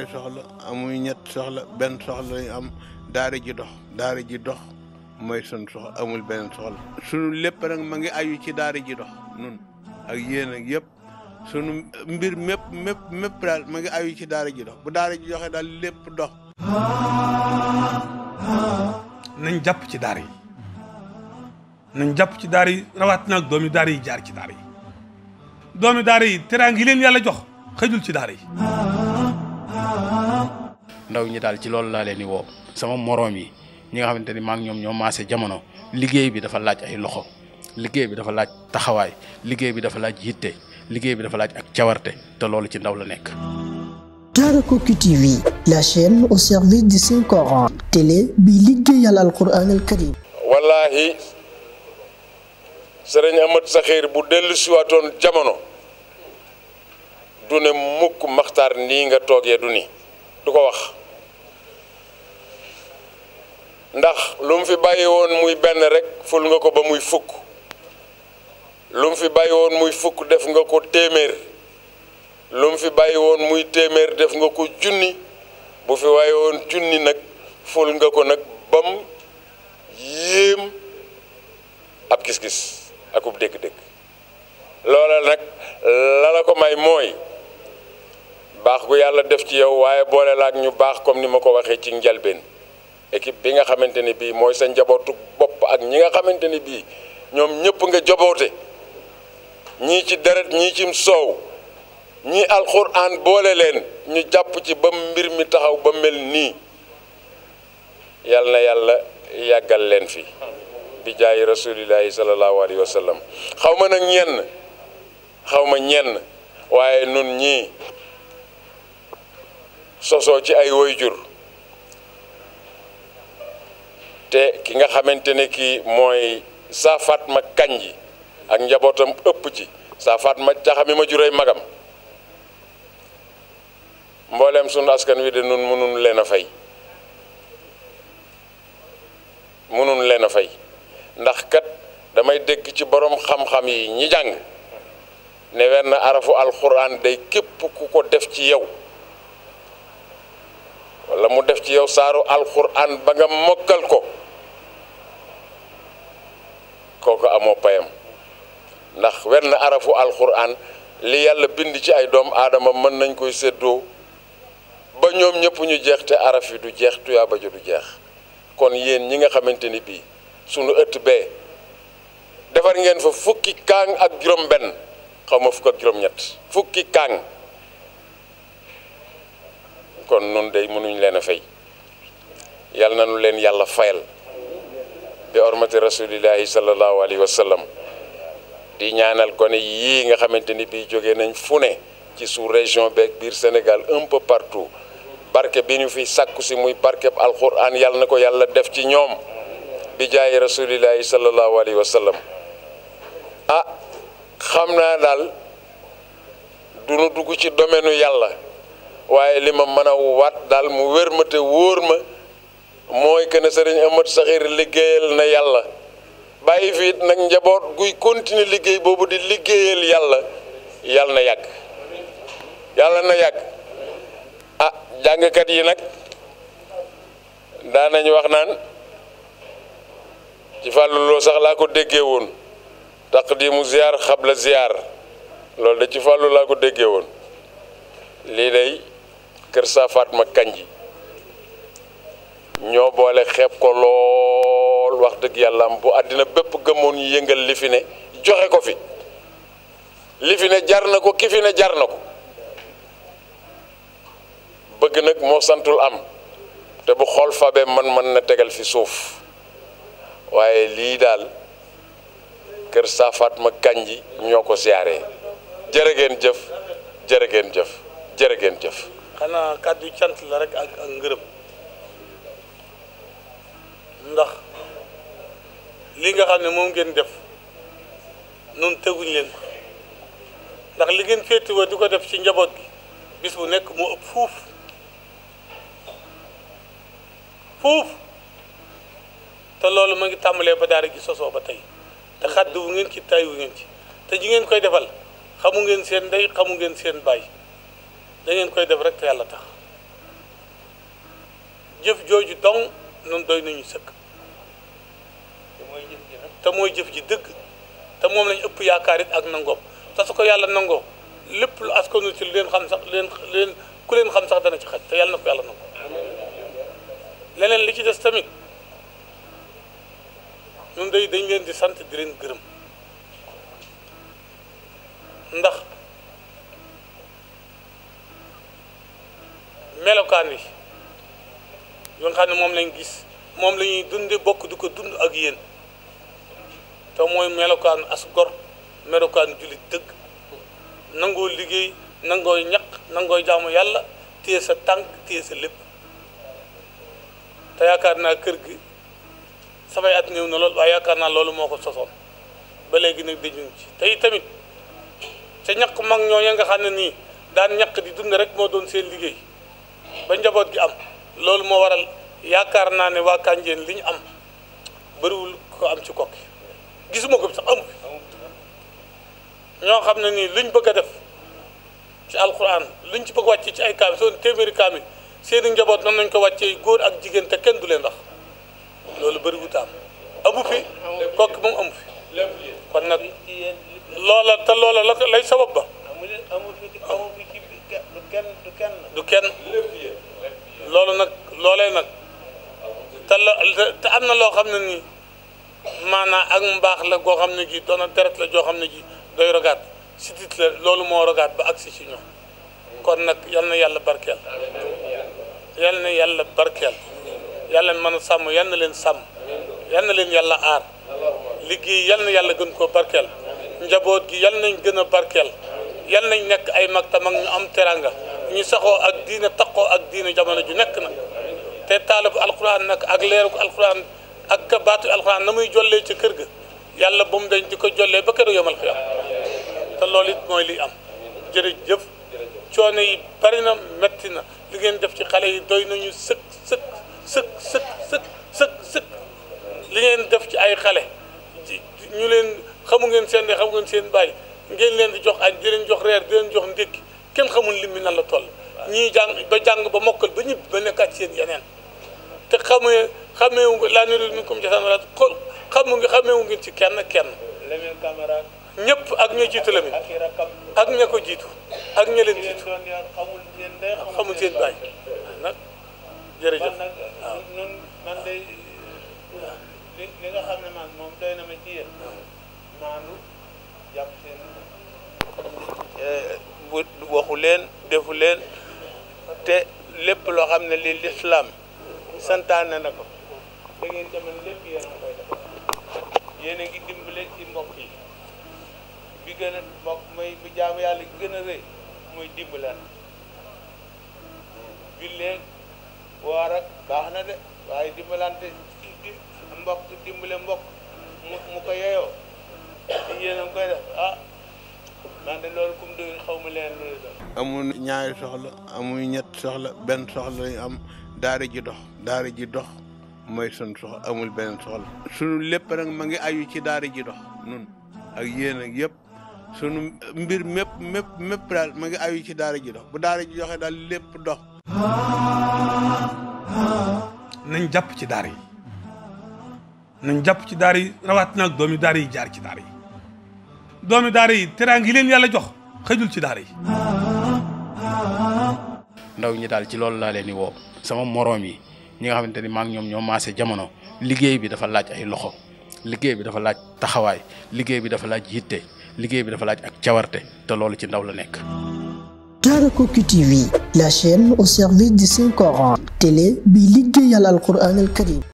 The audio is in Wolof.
ñaari soxla amuñu ñett soxla benn soxla lañu am daara ji dox daara ji dox mooy sun soxla amul benn soxla sunu lépp nag ma ngi ayu ci daara ji dox nun ak yéen ak sunu mbir mépp mépp mépp daal ma ngi ayu ci daara ji dox bu daara ji doxee daal lépp dox jàpp ci daara yi nañ jàpp ci daara yi nag doomi daara yi jaar ci daara yi doomi daara yi teraangi leen yàlla jox xëjul ci daara yi ndaw ñi daal ci loolu laa leen di woo sama moroom yi ñi nga xamante ni maak ñoom ñoo maase jamono liggéey bi dafa laaj ay loxo liggéey bi dafa laaj taxawaay liggéey bi dafa laaj yitte liggéey bi dafa laaj ak cawarte te loolu ci ndaw la nekk. Daarakoki TV la chaîne au service du Saint Coran télé bi liggéeyal alquran al karim. wallaahi sëriñ Amat Saxiir bu dellu siwaatoon jamono du ne mukk maxtaar nii nga toogee du ni du ko wax ndax lu mu fi bàyyi woon muy benn rek ful nga ko ba muy fukk lu mu fi bàyyi woon muy fukk def nga ko téeméer lu mu fi bàyyi woon muy téeméer def nga ko junni bu fi bàyyi woon junni nag ful nga ko nag bam yéem ab gis-gis akub dégg-dégg loola nag la la ko may mooy baax gu yàlla def ci yow waaye boole la ak ñu baax comme ni ma ko waxee ci njalbeen équipe bi nga xamante ne bii mooy sa njabootu bopp ak ñi nga xamante ne bii ñoom ñëpp nga joboote ñii ci deret ñii ci soow ñii alxuraan boole leen ñu jàpp ci ba mbir mi taxaw ba mel nii yal na yàlla yàggal leen fi bi jaay rasulillahi sallallahu alayhi wa sallam xaw ma nag ñenn xawma ma ñenn waaye nun ñii sosoo ci ay woyjur te ki nga xamante ne kii mooy saa Fatma Kanji ak njabootam ëpp ci saa Fatma taxami ma juray magam mboolem sunu askan wi de nun mënun leen a fay mënun leen a fay ndax kat damay dégg ci boroom xam-xam yi ñi jàng ne wenn arafu alxuraan day képp ku ko def ci yow wala mu def ci yow saaru alxuraan ba nga mokkal ko kooku amoo payam ndax wenn arafu alxuraan li yàlla bind ci ay doom aadama mën nañ koy séddoo ba ñoom ñëpp ñu jeex te araf yi du jeex tuyaaba ji du jeex kon yéen ñi nga xamante ni bii sunu ëtt bee defar ngeen fa fukki kaang ak juróom-benn xaw ma fukk ak juróom-ñett fukki kaang. kon nun day mënuñ leen a fay yàlla na leen yàlla fayal bi hormati rasulillahi sallallahu alayhi wa di ñaanal gone yii nga xamante ni bii jógee nañ fu ne ci sous région beeg biir Sénégal un peu partout barke bi ñu fi sàkku si muy barkeb alquran yàlla na ko yàlla def ci ñoom bi jaay rasulillahi sallallahu alayhi wa sallam ah xam naa daal du nu dugg ci domaine yàlla waaye li ma mën a wat daal mu wér ma te wóor ma mooy que ne sëriñ Amadou Saxiir liggéeyal na yàlla bàyyi fiit nag njaboot guy continue liggéey boobu di liggéeyal yàlla yàlla na yàgg yàlla na yàgg ah jàngkat yi nag daanañ wax naan ci fàllu loo sax laa ko déggee woon di taqdimu ziar xabla ziar loolu de ci fàllu laa ko déggee woon lii day kër sa Fatma Kanji ñoo boole xeeb ko lool wax dëgg yàlla am bu àddina bépp gëmoon ñu yëngal li fi ne joxe ko fi li fi ne jar na ko ki fi ne jar na ko bëgg nag moo santul am te bu xool fabe man mën na tegal fi suuf waaye lii daal kër sa Fatma Kanji ñoo ko siyaaree jërë ngeen jëf jërë ngeen jëf jërë ngeen jëf xanaa kàddu cant la rek ak ak ngërëm ndax li nga xam ne moom ngeen def noonu teguñ leen ko ndax li ngeen féetewoo du ko def ci njaboot gi bis bu nekk moo ëpp fuuf fuuf te loolu ma ngi tàmbalee ba daara gi sosoo ba tey te xàddu wu ngeen ci tay wu ngeen ci te ji ngeen koy defal xamu ngeen seen ndey xamu ngeen seen baay. da ngeen koy def rek te yàlla tax jëf jooju dong nun doy nañu sëkk te mooy jëf ji dëkk te moom lañ ëpp yaakaar it ak nangoom te su ko yàlla nangoo lépp lu askanu ci leen xam sax leen leen ku leen xam sax dana ci xaj te yàlla na ko yàlla nangoo leneen li ci des tamit ñun day dañ leen di sant di leen gërëm ndax melokaan wi yoo xam ne moom lañ gis moom lañuy dunde bokk di ko dund ak yéen te mooy melokaan as melokaan melokaanu jullit dëgg nangoo liggéey nangoo ñaq nangoo jaamu yàlla téye sa tànk téye sa lépp te yaakaar naa kër gi samay at néew na lool waaye yaakaar naa loolu moo ko sosoon ba léegi nag dañu ci tey tamit ca ñaq mag ñoo ya nga xam ne nii daan ñaq di dund rek moo doon seen liggéey ba njaboot gi am loolu moo waral yaakaar naa ne waa Kànjeen li ñu am bëriwul ko am ci kokki gisuma ko sax amu ñoo xam ne nii luñ bëgg a def ci alquran luñ ci bëgg wàcce ci ay kaamil soo téeméeri kaamil seeni njaboot noonu nañ ko wàccee góor ak jigéen te kenn du leen wax loolu bëriwul am amu fi kokki moom amu fi kon nag loola te loola la lay sabab ba ak mbaax la goo xam ne ji doona deret la joo xam ne ji doy rogaat si tit la loolu moo rogaat ba agsi ci ñoom kon nag yal na yàlla barkeel yal na yàlla barkeel yàlla mën a sàmm yal na sàmm yal leen yàlla aar liggéey yal yàlla gën koo barkeel njaboot gi yal nañ gën a barkeel yal nañ nekk ay mag te mag ñu am teranga ñu saxoo ak diina taqoo ak diina jamono ju nekk nag te taalibu alquran nag ak leeru alquran ak ka baatu alxuraan na muy jollee ci kër gi yàlla bu mu dañ di ko jollee ba kër yomal xiyam te lool it mooy liy am jërëjëf coono yi bari metti na li ngeen def ci xale yi doy nañu sëkk sëkk sëkk sëkk sëkk sëkk li ngeen def ci ay xale ñu leen xamu ngeen seen ne xamu ngeen seen bàyyi ngeen leen di jox ay di jox reer di jox ndékki kenn xamu lim bi nan la toll ñii jàng ba jàng ba mokkal ba ñibbi ba nekkaat seen yeneen te xamee xamee wu laa nuriidu minkum jazaa'an wala xool xamu nga xamee wu ngeen ci kenn kenn ñëpp ak ña jiitu la mi ak ña ko jiitu ak ña leen jiitu xamul seen bàyyi ah, nag jërëjëf ah. na ma ci yéen ah. maanu eh, waxu leen defu leen te lépp loo xam ne li lislaam santaane na ko da ngeen ca mën lépp yéen koy defal yéen a dimbale ci mbokk bi gën a mbokk mooy bu jaamu yàlla gi gën a rëy mooy dimbalaan julleeg woor ak baax na de waaye dimbalante di mbokk dimbale mbokk mu mu ko yeyoo yéen koy def ah man de loolu kum doyul xaw ma leen loolu doon amul ñaari soxla amul ñett soxla benn soxla yu am daara ji dox daara ji dox mooy suñ soxla amul beneen soxla sunu lépp nag ma ngi ayu ci daara ji dox nun ak yépp ak sunu mbir mépp mépp mépp daal ma ayu ci daara ji dox bu daara ji doxee daal lépp dox nañ jàpp ci daara yi jàpp ci daara yi rawaat nag doomi daara yi jaar ci daara yi doomi daara yi teraang yi leen yàlla jox xëjul ci daara yi ndaw ñi daal ci loolu laa leen di woo sama moroom yi ñi nga xamante ni maa ngi ñoom ñoo maase jamono liggéey bi dafa laaj ay loxo liggéey bi dafa laaj taxawaay liggéey bi dafa laaj yitte liggéey bi dafa laaj ak cawarte te loolu ci ndaw la nekk. Daara Koki TV la chaîne au service du Saint Coran télé bi liggéeyal al Qur'an al Karim